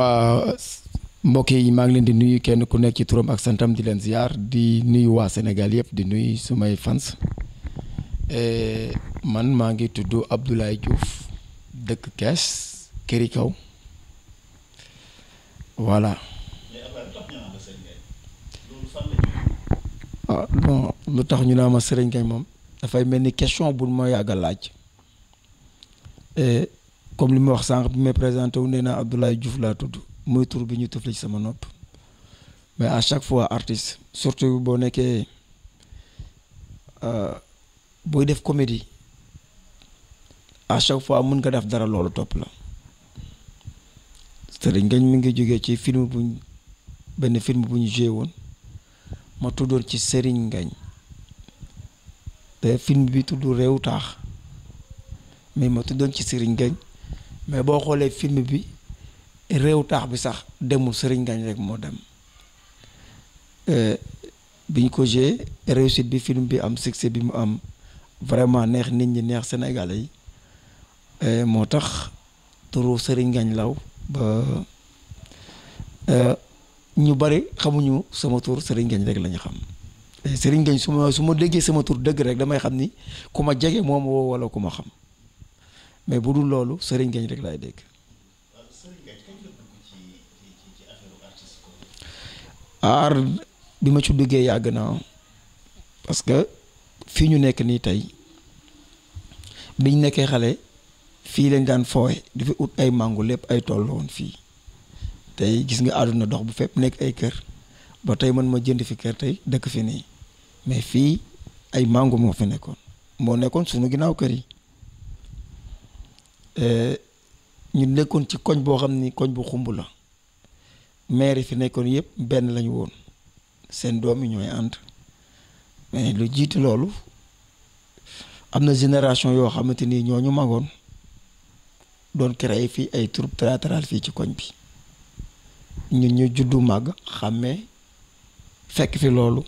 waa mbokk yi maa ngi leen di nuyu kenn ku nekk ci turam ak santam di leen ziar di nuyu waa Sénégal yëpp di nuyu sumay fans eh, man maa ngi tudd Abdoulaye Diouf dëkk Kees këri kaw voilà. ah lu tax ñu naa ma seriñ kay moom dafay mel ni question bu ma yàgg laaj. Eh, comme li ma wax sànq bi may présenté wu nee naa Abdoulaye Diouf laa tudd muy tur bi ñu tëfli ci sama nopp mais à chaque fois artiste surtout boo nekkee euh, booy def comédie à chaque fois mun nga def dara loolu topp la Serigne Ngagne mu ngi jógee ci film buñ benn film bu ñu joué woon ma tuddoon ci Serigne Ngagne te film bi tudd réew taax mais ma tuddoon ci Serigne Ngagne mais boo xoolee film bi réew taax bi sax demul Serigne Ngagne rek moo dem euh, bi ñu ko joué réussite bi film bi am succès bi mu am vraiment neex nit ñi neex Sénégalais yi euh, moo tax turu Serigne Ngagne Law ba euh, ñu bari xamuñu sama tur Serigne Ngagne rek la ñu xam Serigne Ngagne su ma su ma déggee sama tur dëgg rek damay xam ni ku ma jege moom woo wala ku ma xam. mais bu dul loolu sëriñ Gueye rek laay dégg. aar bi ma ci duggee yàgg naa parce que fii ñu nekk nii tey biñ nekkee xale fii lañ daan fooy dafa ut ay màngu lépp ay toll fii tey gis nga àdduna dox bu fépp nekk ay kër ba tey man ma jënd fi kër tey dëkk fi nii mais fii ay màngu moo fi nekkoon moo nekkoon suñu ginnaaw kër yi. Euh, ñu nekkoon ci koñ boo xam ni koñ bu xumb la maire fi nekkoon yëpp benn lañu woon seen doom yi ñooy ànd mais lu jiitu loolu am na génération yoo xamante ni ñoo ñu magoon doon ay fii ay troupe théâtrale fii ci koñ bi ñun ñu juddu màgg xàmmee fekk fi loolu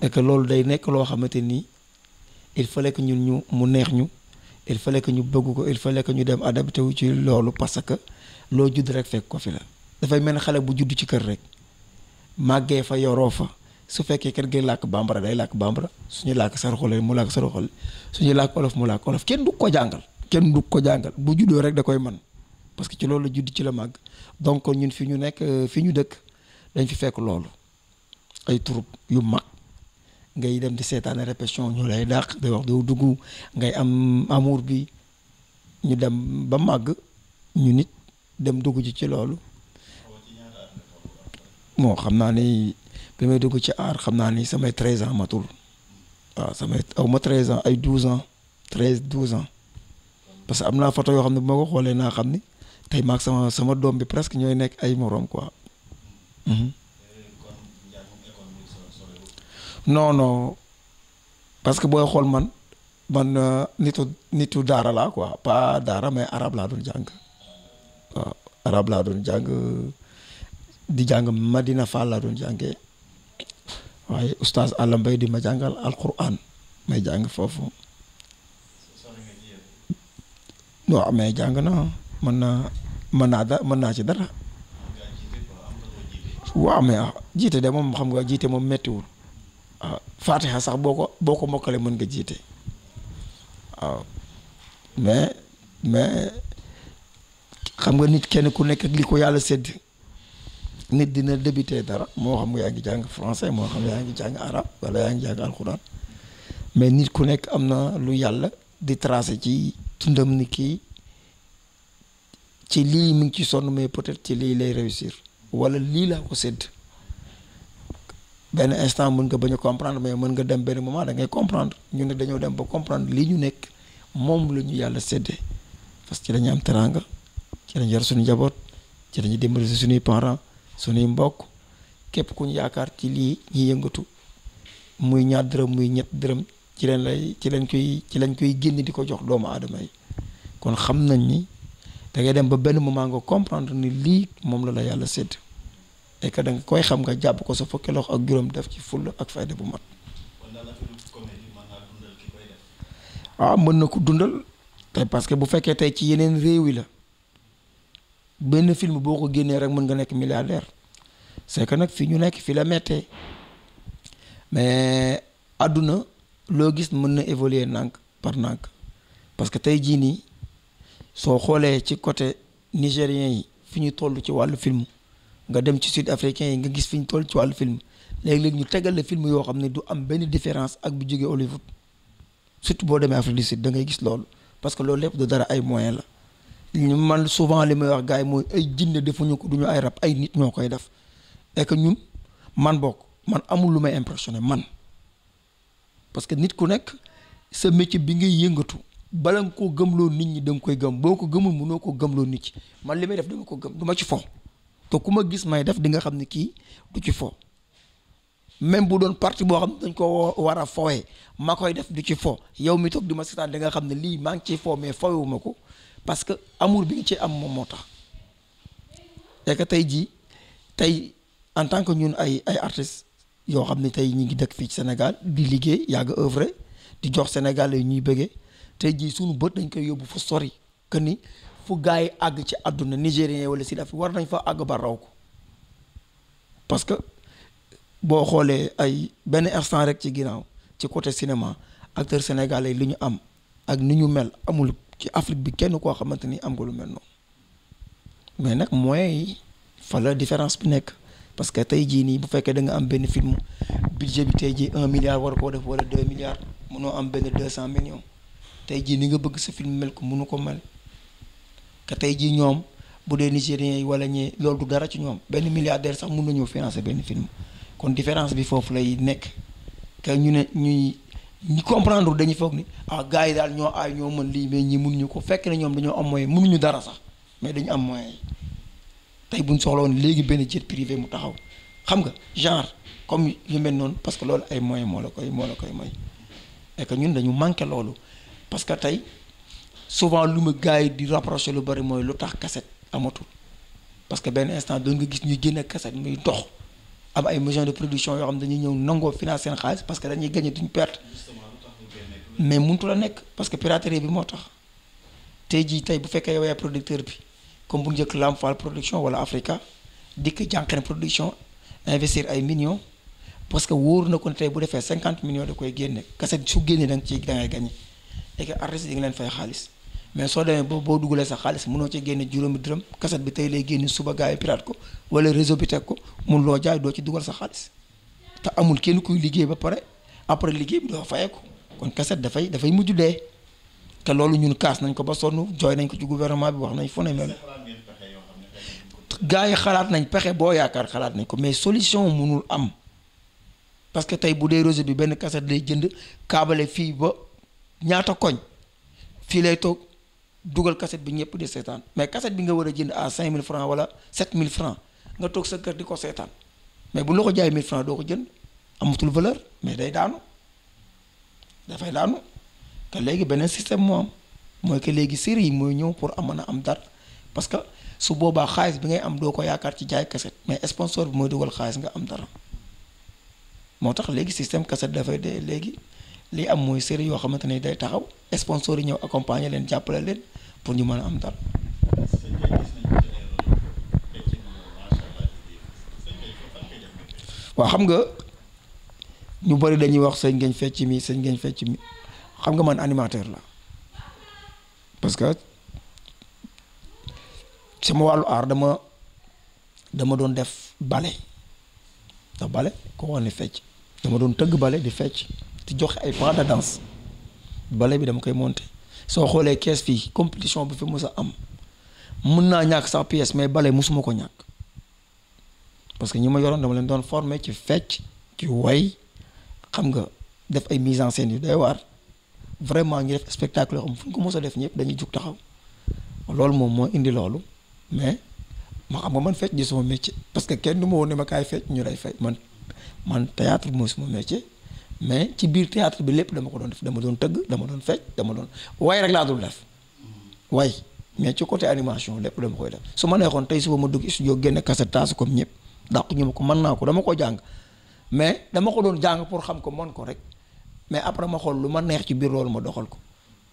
et que loolu day nekk loo xamante ni il fallait que ñun ñu mu neex ñu il fallait que ñu bëgg ko il fallait que ñu dem adapté wu ci loolu parce que loo judd rek fekk ko fi la dafay mel ne xale bu juddu ci kër rek màggee fa yoroo fa su fekkee kër gi làkk bambara day làkk bambara suñu làkk saraxole mu làkk saraxole suñu làkk olof mu làkk olof kenn du ko jàngal kenn du ko jàngal bu juddoo rek da koy man parce que ci loolu la judd ci la màgg donc ñun fi ñu nekk fi ñu dëkk dañ fi fekk loolu ay troupe yu mag ngay dem di seetaan répétition ñu lay dàq day wax doo dugg ngay am amour bi ñu dem ba màgg ñu nit dem dugg ci ci loolu moo xam naa ni bi may dugg ci aar xam naa ni samay treize ans matul waaw samay aw ma ans ay douze ans treize douze ans parce que am naa photo yoo xam ne bu ma ko xoolee naa xam ni tey maak sama sama doom bi presque ñooy nekk ay moroom quoi mhm. non non parce que booy xool man man euh, nitu nitu daara laa quoi pas daara mais arab laa doon jàng di jàng Madina Fall laa doon jàngee waaye oustaz Alla di ma jàngal alquran may jàng foofu non mais jàng na mën naa mën naa da mën naa ci dara waaw mais jiite de moom xam nga jiite moom méttiwul waaw ah, sax boo ko boo ko mokkale mën nga jiite waaw ah, mais mais xam nga nit kenn ku nekk ak li ko yàlla sedd nit dina débuté dara moo xam nga yaa ngi jàng français moo xam yaa ngi jàng arab wala yaa ngi jàng alxuraan mais nit ku nekk am na lu yàlla di tracé ci tundam nit kii ci lii mi ngi ci sonn mais peut-être ci lii lay réussir wala lii laa ko sedd benn instant mën nga ba ñu comprendre mais mën nga dem benn moment da ngay comprendre ñu ne dañoo dem ba comprendre lii ñu nekk moom la ñu yàlla séddee parce que ci dañu am teranga ci dañu yar suñu njaboot ci dañu dimbali suñuy parents suñuy mbokk képp ku yaakaar ci lii ñuy yëngatu muy ñaar dërëm muy ñett dërëm ci leen lay ci leen koy ci leen koy génn di ko jox doomu aadama yi kon xam nañ ni da ngay dem ba benn moment nga comprendre ni lii moom la la yàlla sedd et que koy xam nga jàpp ko sa fukki loxo ak juróom def ci fulla ak fayda bu mat. waaw ah, mën na ko dundal tey parce que bu fekkee tey ci yeneen réew yi la benn film boo ko génnee rek mën nga nekk milliardaire c'est que nag fi ñu nekk fi la mettee mais àdduna loo gis mën na évoluer ndànk par nànk parce que tey jii nii soo xoolee ci côté nigérien yi fi ñu toll ci wàllu film nga dem ci sud africain yi nga gis fi ñu toll ci wàllu film léegi léeg ñu tegale la film yoo xam ne du am benn différence ak bu jógee Hollywood surtout boo demee Afrique du Sud da ngay gis loolu parce que loolu lépp du dara ay moyens la ñu man souvent li may wax gars yi mooy ay jinne defuñu ko duñu ay rab ay nit ñoo koy def et que ñun man bokk man amul lu may impressionné man parce que nit ku nekk sa métier bi ngay yëngatu bala nga koo gëmloo nit ñi da nga koy gëm boo ko gëmul mënoo ko gëmloo nit ñi man li may def dama ko gëm du ma ci fo te ku ma gis may def di nga xam ne kii du ci fo même bu doon parti boo xam ne dañ ko war a fowee ma koy def du ci fo yow mi toog di ma seetaan di nga xam ne lii maa ngi ciy fo mais fowewuma ko parce que amour bi nga ci am moom moo tax et tey jii tey en tant que ñun ay ay artistes yoo xam ne tey ñi ngi dëkk fii ci Sénégal di liggéey yàgg œuvre di jox Sénégal yi ñuy bëggee tey jii sunu bët dañ koy yóbbu fu sori que ni fu gars yi àgg ci àdduna nigérien wala si Afrique war nañ fa àgg ba raw ko parce que boo xoolee ay benn instant rek ci ginnaaw ci côté cinéma acteur sénégalais lu ñu am ak ni ñu mel amul ci Afrique bi kenn koo xamante ni am nga lu mel noonu mais nag moyens yi fa la différence bi nekk parce que tey jii nii bu fekkee da nga am benn film budget bi tey jii un milliard war koo def wala deux milliards mënoo am benn deux cent millions tey jii ni nga bëgg si film mel ko mënu ko mel. que tey jii ñoom bu dee nigériens yi wala ñi loolu du dara ci ñoom benn milliardaire sax mun nañoo financer benn film kon différence bi foofu lay nekk que ñu ne ñuy ñu comprendre dañuy foog ni ah gars yi daal ñoo aay ñoo mën lii mais ñi mënuñu ko fekk na ñoom dañoo am moyen mënuñu dara sax mais dañu am moyen tey buñ soxla léegi benn jet privé mu taxaw xam nga genre comme yu mel noonu parce que loolu ay moyen moo la koy moo la koy may et ñun dañu manqué loolu parce que tey souvent lu mu gars yi di rapproché lu bari mooy lu tax cassette amatul parce que benn instant doon nga gis ñuy génne cassette muy dox am ay maison de production yoo xam dañuy ñëw nangoo financer seen xaalis parce que dañuy gagné duñ perte mais tu la nekk parce que piraterie bi moo tax tey jii tey bu fekkee yow producteur bi comme bu njëkk Lamp Fall production wala Africa dikk jànqen production investir ay millions parce que wóor na ko ne tey bu defee cinquante millions da koy génne cassette su génne da nga ciy da ngay leen fay xaalis. mais soo demee boo dugalee sa xaalis mënoo ci génne juróomi dërëm kaset bi tey lay génne suba gars yi ko wala réseau bi teg ko mun loo jaay doo ci dugal sa xaalis te amul kenn kuy liggéey ba pare après liggéey bi doo fayee ko kon kaset dafay dafay mujj de te loolu ñun kaas nañ ko ba sonn jooy nañ ko ci gouvernement bi wax nañ fu ne mel gars yi xalaat nañ pexe boo yaakaar xalaat nañ ko mais solution mënul am parce que tey bu dee réseau bi benn kaset lay jënd kaabale fii ba ñaata koñ fii lay dugal cassette bi ñëpp di seetaan mais cassette bi nga war a jënd à 5000 francs wala 7000 francs nga toog sa kër di ko seetaan mais bu la ko jaay 1000 francs doo ko jënd amatul valeur mais day daanu dafay daanu te léegi beneen système moo am mooy que léegi série yi mooy ñëw pour am a am dara parce que su boobaa xaalis bi ngay am doo ko yaakaar ci jaay cassette mais sponsor bi mooy dugal xaalis nga am dara moo tax léegi système cassette dafay dee léegi li am mooy série yoo xamante ne day taxaw sponsor yi accompagner leen jàppale leen pour ñu mën a am dara. waa xam nga ñu bari dañuy wax sëñ ngeen fecc mi sëñ ngeen fecc mi xam nga man animateur la parce que sama wàllu aar dama dama doon def bale ndax bale koo wax ne fecc dama doon tëgg bale di fecc di jox ay pas de danse bale bi dama koy monter. soo xoolee kees fii compétition bu fi mos a am mun naa ñàkk sax pièce mais bale mosuma ko ñàkk parce que ñi ma yoroon dama leen doon former ci fecc ci way xam nga def ay mise en scène yu day waar vraiment ñu def spectacle yoo xam fu ñu ko mos a def ñëpp dañuy jug taxaw loolu moom moo indi loolu mais ma xam nga man fecc di sama métier parce que kenn du ma woon ne ma kaay fecc ñu lay fay man man théâtre mooy sama métier mais ci biir théâtre bi lépp dama ko doon def dama doon tëgg dama doon fecc dama doon way rek laa dul def way mais ci côté animation lépp dama koy def su ma neexoon tey suba ma dugg studio génne kaset taas comme ñëpp dàq ñu ma ko mën naa ko dama ko jàng mais dama ko doon jàng pour xam ko man ko rek mais après ma xool lu ma neex ci biir loolu ma doxal ko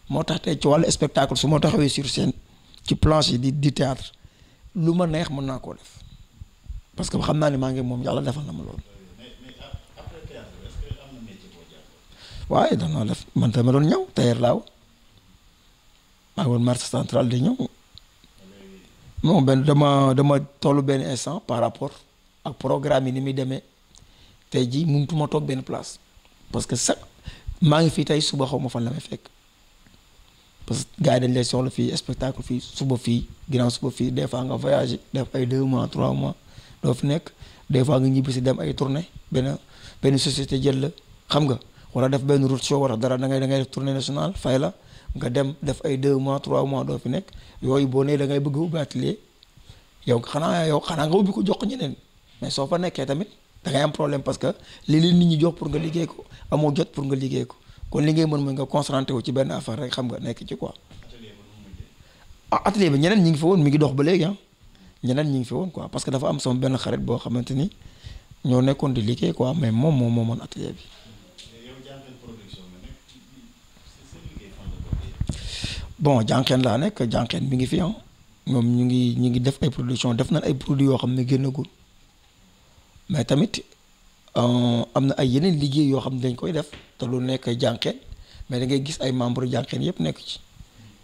moo tax tey ci wàllu spectacle su ma taxawee sur scène ci planche yi di di théâtre lu ma neex mën naa koo def parce que xam naa ne maa ngi moom yàlla defal na ma loolu waaye dañoo def man dama doon ñëw tailleur laa woon marché central di ñëw non benn dama dama tollu benn instant par rapport ak programme yi ni muy demee tey jii mënutuma toog benn place parce que sax maa ngi fii tey suba xaw ma fan la may fekk parce que gars yi dañ lay soxla fii spectacle fii suba fii ginnaaw suba fii des fois nga voyager def ay deux mois trois mois doo fi nekk des fois nga ñibbi si dem ay tournée benn benn société jël la xam nga. wala def benn route show a dara da ngay da ngay def tournée nationale fay la nga dem def ay deux mois trois mois doo fi nekk yooyu boo nee da ngay bëgg ubbi atelier yow xanaa yow xanaa nga ubbi ko jox ko ñeneen mais soo fa nekkee tamit da am problème parce que li leen nit ñi jox pour nga liggéey ko amoo jot pour nga liggéey ko kon li ngay mën mooy nga concentré wu ci benn affaire rek xam nga nekk ci quoi. ah atelier bi ñeneen ñi ngi fi woon mi ngi dox ba léegi ah ñeneen ngi fi woon quoi parce que dafa am sama benn xarit boo xamante ni ñoo nekkoon di mais moom moo mën atelier bi. bon jànqeen laa nekk jànqeen mi ngi fi ah ñoom ñu ngi ñu ngi def ay def nañ ay produits yoo xam ne génnagul mais tamit euh, am na ay yeneen liggéey yoo xam ne dañ koy def te lu nekk jànqeen mais da ngay gis ay membre jànqeen yëpp nekk ci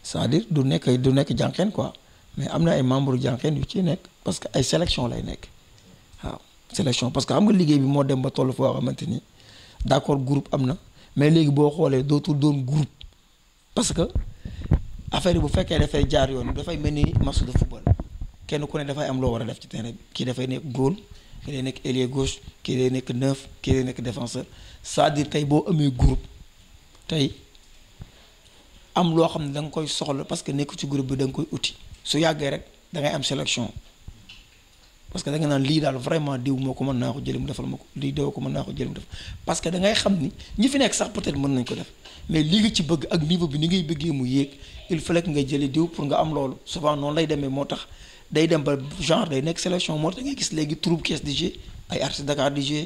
cest à du nekk du nekk jànqeen quoi mais am na ay membre jànqeen yu ciy nekk parce que ay sélection lay nekk waaw sélection parce que xam nga liggéey bi moo dem ba toll foo xamante ni d'accord group am na mais léegi boo xoolee dootul doon groupe parce que affaire yi bu fekkee dafay jaar yoon dafay mel ni match de football kenn ku ne dafay am loo war a def ci terrain bi kii dafay nekk góol kii day nekk ailier gauche kii day nekk neuf kii day nekk défenseur cest à tey boo amee group tey am loo xam ne da nga koy soxla parce que nekk ci groupe bi da nga koy uti su yàggee rek da am sélection parce que da nga naan lii daal vraiment diw moo ko mën naa ko jëlee mu defal ma ko lii doo ko mën naa ko jëlee mu parce que da ngay xam ni ñi fi nekk sax peut-être mën nañ ko def. mais lii nga ci bëgg ak niveau bi ni ngay bëggee mu yéeg il fallait que nga jëli diw pour nga am loolu souvent noon lay deme moo tax day dem ba genre day nekk sélection moo tax ngay gis léegi troupe kees di jouer ay artiste Dakar di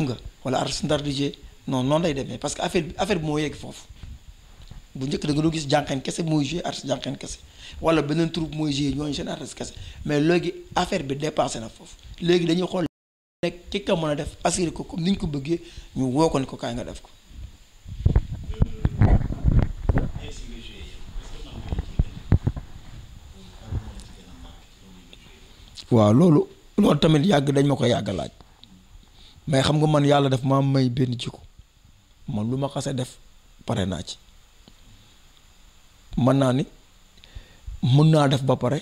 nga wala artiste Ndar di jouer non noonu lay demee parce que affaire bi affaire bi moo foofu bu njëkk da nga doon gis jànqeen kese mooy jouer artiste jànqeen kese wala beneen troupe mooy jouer ñooñu seen artiste kese mais léegi affaire bi dépassé na foofu léegi dañuy xool nekk ci mën def assuré ko comme ni ñu ko bëggee ñu woo ko ko kaay nga def ko waaw loolu loolu tamit yàgg dañ ma ko yàgg laaj mais xam nga man yàlla daf maa may benn jikko man lu ma xase def pare naa ci mën naa ni mun naa def ba pare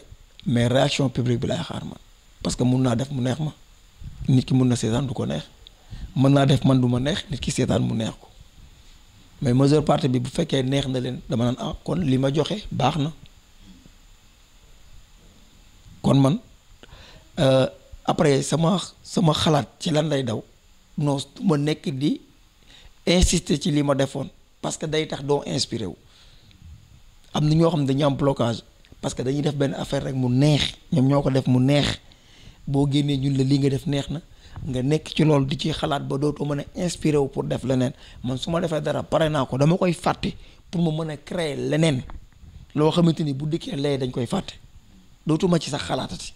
mais réaction publique bi laay xaar man parce que mun naa def mu neex ma nit ki mun na seetaan du ko neex mën naa def man du ma neex nit ki seetaan mu neex ko mais majeure partie bi bu fekkee neex na leen dama naan ah kon li ma joxe baax na kon man. Euh, après sama sama xalaat ci lan lay daw non ma nekk di insister ci li ma defoon parce que day tax doo inspiré wu am na ñoo xam ne dañu am parce que dañuy def benn affaire rek mu neex ñoom ñoo ko def mu neex boo génnee ñun la lii nga def neex na nga nekk ci loolu di ci xalaat ba dootu ma a inspiré wu pour def leneen man su ma defee dara pare naa ko dama koy fàtte pour mu mën a créer leneen loo xamante ni bu dikkee lee dañ koy fàtte dootuma ci sax xalaatati.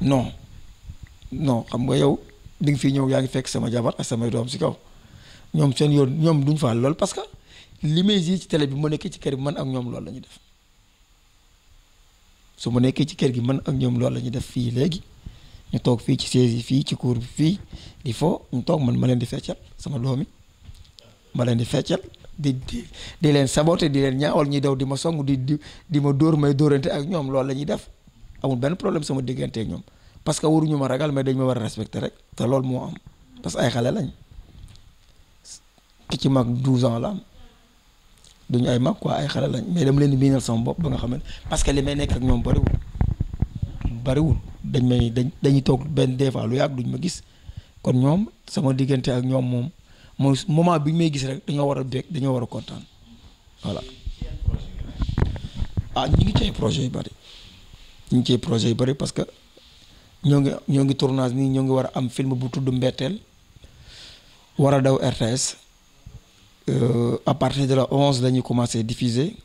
non non xam nga yow di nga fi ñëw yaa ngi fekk sama jabar ak samay doom si kaw ñoom seen yoon ñoom duñ faal lool parce que li may yi ci télé bi ma nekkee ci kër bi man ak ñoom lool la ñuy def su ma nekkee ci kër gi man ak ñoom loolu la ñuy def fii léegi ñu toog fii ci chaise yi fii ci cour bi fii di fo ñu toog man ma leen di feccal sama doom yi ma leen di feccal di di di leen saboté di leen ñaawal ñuy daw di ma song di di di ma dóor may dóorante ak ñoom loolu la ñuy def. amul benn problème sama diggante ak ñoom parce que waruñu ma ragal mais dañ ma war a respecter rek te loolu moo am parce ay xale lañ ki ci mag 12 ans la am duñu ay mag quoi ay xale lañ mais dama leen di miinal sama bopp ba nga xamante parce que li may nekk ak ñoom bariwul bariwul dañ may dañ dañuy toog benn des fois lu yàgg duñ ma gis kon ñoom sama diggante ak ñoom moom mooy moment bi ñu may gis rek dañoo war a bég dañoo war a kontaan voilà ah ñu ngi ci projet yu bari. ñu ngi ci projet yu bari parce que ñoo ngi ñoo ngi tournage nii ñoo ngi war a am film bu tudd Mbetteel war a daw RTS euh, à partir de la onze la ñuy commencé diffuser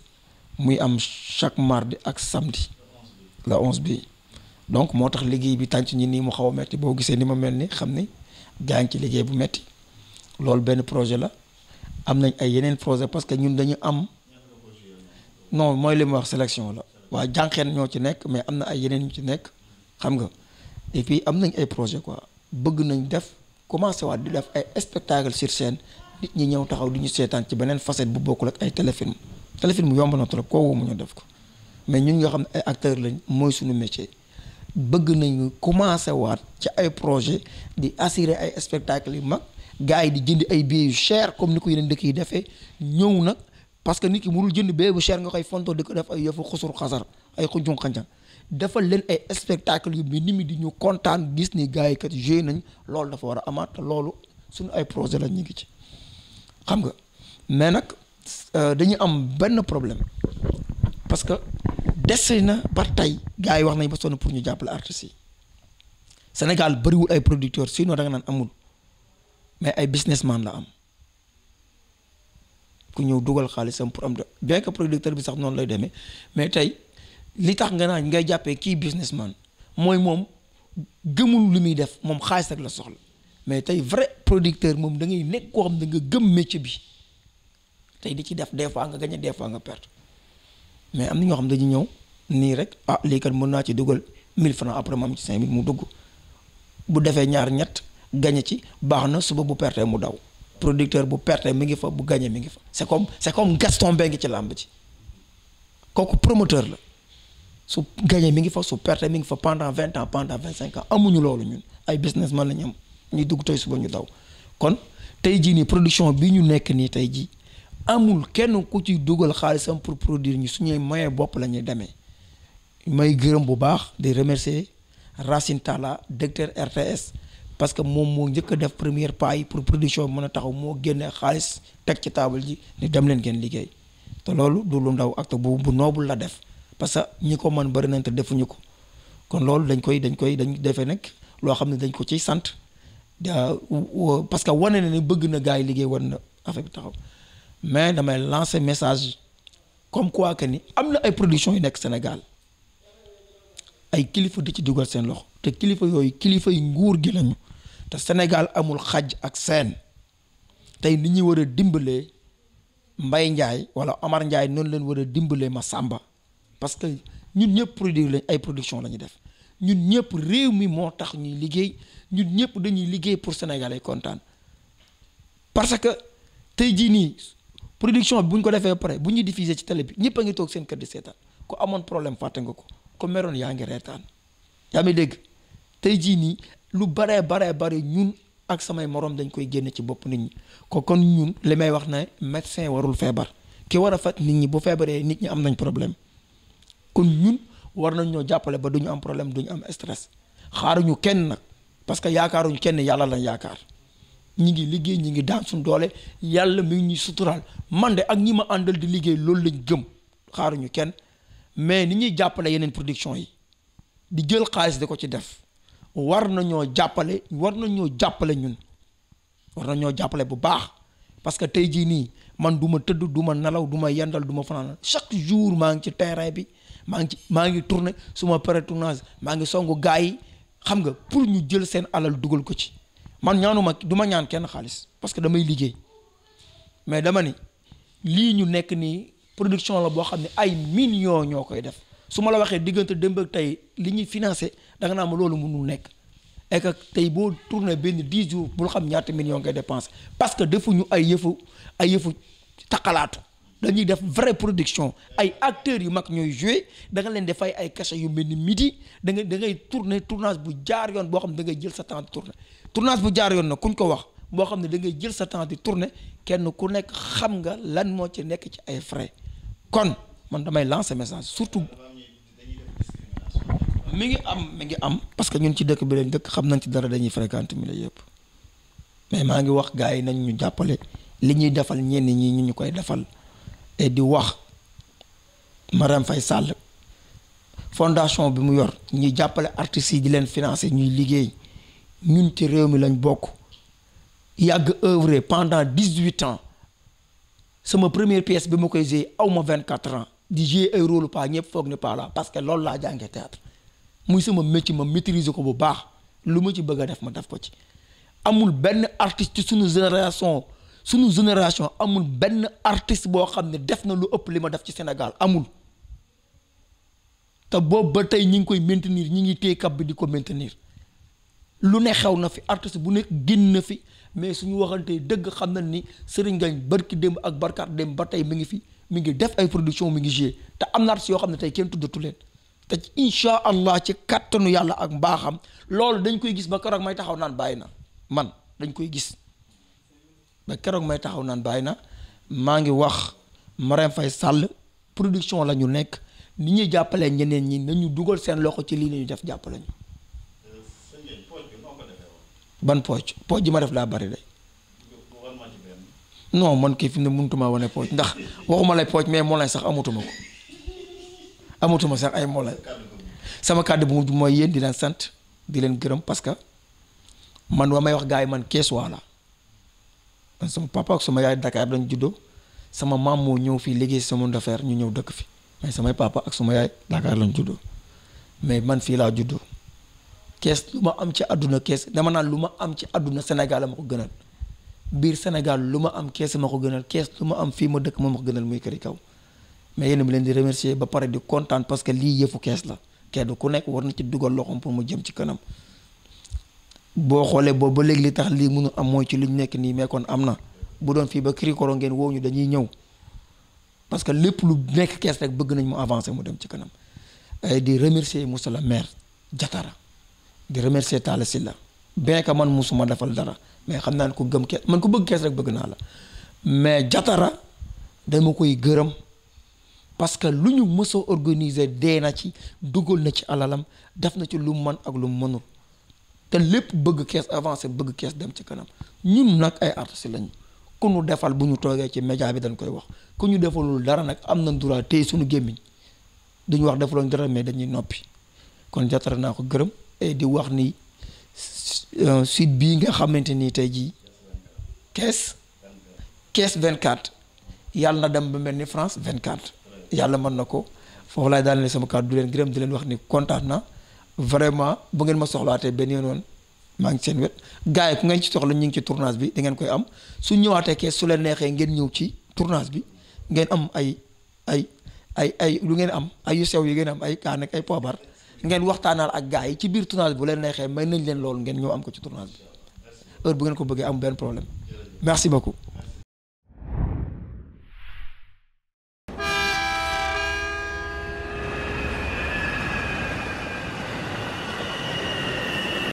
muy am chaque mardi ak samedi la onze bi donc moo tax liggéey bi tànc ñi nii mu xaw a metti boo gisee ni ma mel ni xam ni gaa ngi ci liggéey bu metti loolu benn projet la am nañ ay yeneen projet parce que ñun dañu am non mooy li ma wax sélection la waa jànqeen ñoo ci nekk mais am na ay yeneen ñu ci nekk xam nga et puis am nañ ay projet quoi bëgg nañ def commencé waat di def ay spectacle sur scène nit ñi ñëw taxaw di ñu seetaan ci beneen facette bu bokkul ak ay téléfilm téléfilm yomb na trop koo woo mu ñu def ko mais ñu nga xam ne ay acteurs lañ mooy suñu métier bëgg nañu commencé waat ci ay projet di assurer ay spectacle yu mag gars yi di jënd ay billets yu cher comme ni ko yeneen dëkk yi defee ñëw nag. parce que nit ki mënul jënd bee bu cher nga koy fontoo di ko def ay yëfu xusur xasar ay xunjung xanjang defal leen ay spectacle yu minime di ñu kontaan gis ni gars yi kat joué nañ loolu dafa war a amaat loolu suñu ay projet la ñu ngi ci xam nga mais nag euh, dañu am benn problème parce que des na ba tey gars yi wax nañ ba sonn pour ñu jàppale artistes yi Sénégal bëriwul ay producteurs sinon da nga naan amul mais ay businessman la am ku ñëw dugal xaalisam pour am bien que producteur bi sax noonu lay deme mais tey li tax nga naan ngay jàppee kii man mooy moom gëmul lu muy def moom xaalis rek la soxla mais tey vrai producteur moom da ngay nekk koo xam ne nga gëm métier bi tey di ci def des fois nga gagné des nga perte mais am ni ñoo xam dañu ñëw nii rek ah lii kat mën naa ci dugal 1000 francs après mu am ci 5000 mu dugg bu defee ñaar ñett gagné ci baax na suba bu perte mu daw. producteur bu perte mi ngi fa bu gagné mi ngi fa c'est comme c'est comme Gaston Mbengue ci làmb ci kooku promoteur la su gagné mi ngi fa su perte mi ngi fa pendant vingt ans pendant vingt cinq ans amuñu loolu ñun ay businessman la ñu am ñuy dugg tey suba ñu daw kon tey jii nii production bi ñu nekk nii tey jii amul kenn ku ci dugal xaalisam pour produire ñu suñuy moyen bopp la ñuy demee may gërëm bu baax di remercier Racine Talla directeur RTS parce que moom moo njëkk def première pas yi pour production bi mën a taxaw moo génne xaalis teg ci taabal ji ni dem leen ngeen liggéey te loolu du lu ndaw acte bu bu noble la def parce que ñi ko mën bëri nañ te defuñu ko kon loolu dañ koy dañ koy dañ defee nag loo xam ne dañ ko ciy sant parce que wane na ne bëgg na gaa yi liggéey war na affaire bi taxaw mais damay lancer message comme quoi que ni am na ay production yu nekk Sénégal ay kilifa di ci dugal seen loxo te kilifa yooyu kilifa yu nguur gi te Sénégal amul xaj ak seen tey ni ñuy war a dimbalee Mbaye Ndiaye wala Omar Ndiaye noonu leen war a dimbalee Massamba parce que ñun ñëpp produire lañ ay production la ñu def ñun ñëpp réew mi moo tax ñuy liggéey ñun ñëpp dañuy liggéey pour sénégalais kontaan parce que tey jii nii production bi ñu ko defee pare bu ñuy diffuser ci télé bi ñëpp ngi toog seen kër di seetaan ku amoon problème fàtte nga ko ku meroon yaa ngi reetaan yaa ngi dégg tey jii nii lu baree baree bare ñun ak samay morom dañ koy génne ci bopp nit ñi ko kon ñun li may wax ne médecin warul feebar ki war a faj nit ñi bu feebaree nit ñi am nañ problème kon ñun war nañ ñoo jàppale ba du ñu am problème du ñu am stress xaaruñu kenn nag parce que yaakaaruñu kenn yàlla lañ yaakaar ñi ngi liggéey ñi ngi daan suñ doole yàlla mi ngi ñuy suturaal man de ak ñi ma àndal di liggéey loolu lañ gëm xaaruñu kenn mais ni ñuy jàppale yeneen production yi di jël xaalis di ko ci def war na ñoo jàppale war ñoo jàppale ñun war nañoo jàppale bu baax parce que tey jii nii man du ma tëdd du ma nelaw du ma yendal du ma fanaanal chaque jour maa ngi ci terrain bi maa ngi ci maa ngi tourné su ma paree tournage maa ngi songu gars yi xam nga pour ñu jël seen alal dugal ko ci man ñaanuma du ma ñaan kenn xaalis parce que damay liggéey mais dama ni lii ñu nekk nii production la boo xam ne ay millions ñoo koy def su ma la waxee diggante démb tey li ñuy financé danga naa ma loolu mënul nekk et que tey boo tourné benn dix jours bul xam ñaata million ngay dépensé parce que defuñu ay yëfu ay yëfu taxalaatu dañuy def vraie production ay acteurs yu mag ñooy joué da nga leen defay ay cachet yu mel ni midi da nga da ngay tourné tournage bu jaar yoon boo xam ne da ngay jël sa temps di tourné tournage bu jaar yoon nag kuñ ko wax boo xam ne dangay jël sa temps di tourné kenn ku nekk xam nga lan moo ci nekk ci ay frais kon man damay lancer message surtout mi ngi am mi ngi am parce que ñun ci dëkk bi lañ dëkk xam nañ ci dara dañuy fréquenter mi la yëpp mais maa ngi wax gars yi nañu ñu jàppale li ñuy defal ñenn ñi ñu ñu koy defal et di wax Marème fay sàll fondation bi mu yor ñu jàppale artistes yi di leen financer ñuy liggéey ñun ci réew mi lañ bokk yàgg œuvre pendant dix-huit ans sama première pièce bi ma koy joué aw ma vingt-quatre ans di joué ay rôle pas ñëpp foog ne pas là parce que loolu laa jàngee théâtre muy sama métier ma maîtriser ko bu baax lu ma ci bëgg a def ma def ko ci amul benn artiste ci suñu génération suñu génération amul benn artiste boo xam ne def na lu ëpp li ma def ci Sénégal amul te boobu ba tey ñi ngi koy maintenir ñi ngi téye kab bi di ko maintenir lu ne xew na fi artiste bu nekk génn na fi mais suñu waxantee dëgg xam na ni Serigne Ngagne barki démb ak barkaat démb ba tey mi ngi fi mu ngi def ay production mi ngi joué te am na artiste yoo xam ne tey kenn tuddatu leen te ci incha allah ci kàttanu yàlla ak mbaaxam loolu dañ koy gis ba keroog may taxaw naan bàyyi na man dañ koy gis ba keroog may taxaw naan bàyyi na maa ngi wax Marème Faye Sall production la ñu nekk ni ñuy jàppalee ñeneen ñi nañu dugal seen loxo ci lii nañu def jàppale ñu ban pooj pooj ji ma def laa bari de noo man kii fi ne mënutuma wane pooj ndax waxuma lay pooj mais moo lay sax amatuma ko amatuma sax ay moolay sama kàddu bu mujj mooy yéen di leen sant di leen gërëm parce que man wa may wax gars yi man kees waa la man sama papa ak suma yaay Dakar dañ juddoo sama maam moo ñëw fii liggéey sama monde ñu ñëw dëkk fi mais samay papa ak sama yaay Dakar lañ juddoo mais man fii laa juddo kees lu ma am ci àdduna kees dama naan lu ma am ci àdduna Sénégal ma ko gënal biir Sénégal lu ma am kees ma ko gënal kees lu ma am fii ma dëkk moom ma gënal muy këri kaw mais yéen a leen di remercier ba pare di kontaan parce que lii yëfu kees la kenn ku nekk war na ci dugal loxoom pour mu jëm ci kanam boo xoolee boobu ba léegi li tax lii mënul am mooy ci liñ nekk nii mais kon am na bu doon fii ba Kirikoro ngeen woo ñu dañuy ñëw parce que lépp lu nekk kees rek bëgg nañ mu avancer mu dem ci kanam di remercier monsieur le maire Diatara di remercier Talla la bien que man musuma defal dara mais xam naa ne ku gëm kees man ku bëgg kees rek bëgg naa la mais Diatara dama koy gërëm. parce que lu ñu mës a organiser dee na ci dugal na ci alalam def na ci lu mën ak lu mënul te lépp bëgg kees avancé bëgg kees dem ci kanam ñun nag ay artistes lañu ku ñu defal bu ñu toogee ci média bi dañ koy wax ku ñu defalul dara nag am na droit tey suñu gémmiñ duñu wax defaloon dara mais dañuy noppi kon jatara naa ko gërëm et di wax ni euh, site bii nga xamante ni tey jii kees kees 24 yàlla na dem ba mel ni France 24 yàlla mën na ko foofu laay daal ne sama kàddu du leen gërëm di leen wax ni kontaan na vraiment bu ngeen ma soxlaatee benn yoon woon maa ngi seen wet gars yi ku ngeen ci soxla ñu ngi ci tournage bi da ngeen koy am su ñëwaatee kees su leen neexee ngeen ñëw ci tournage bi ngeen am ay ay ay ay lu ngeen am ay yu sew yi ngeen am ay kaan ak ay poobar ngeen waxtaanaal ak gars yi ci biir tournage bu leen neexee may nañ leen loolu ngeen ñëw am ko ci tournage bi heure bu ngeen ko bëggee am benn problème merci beaucoup.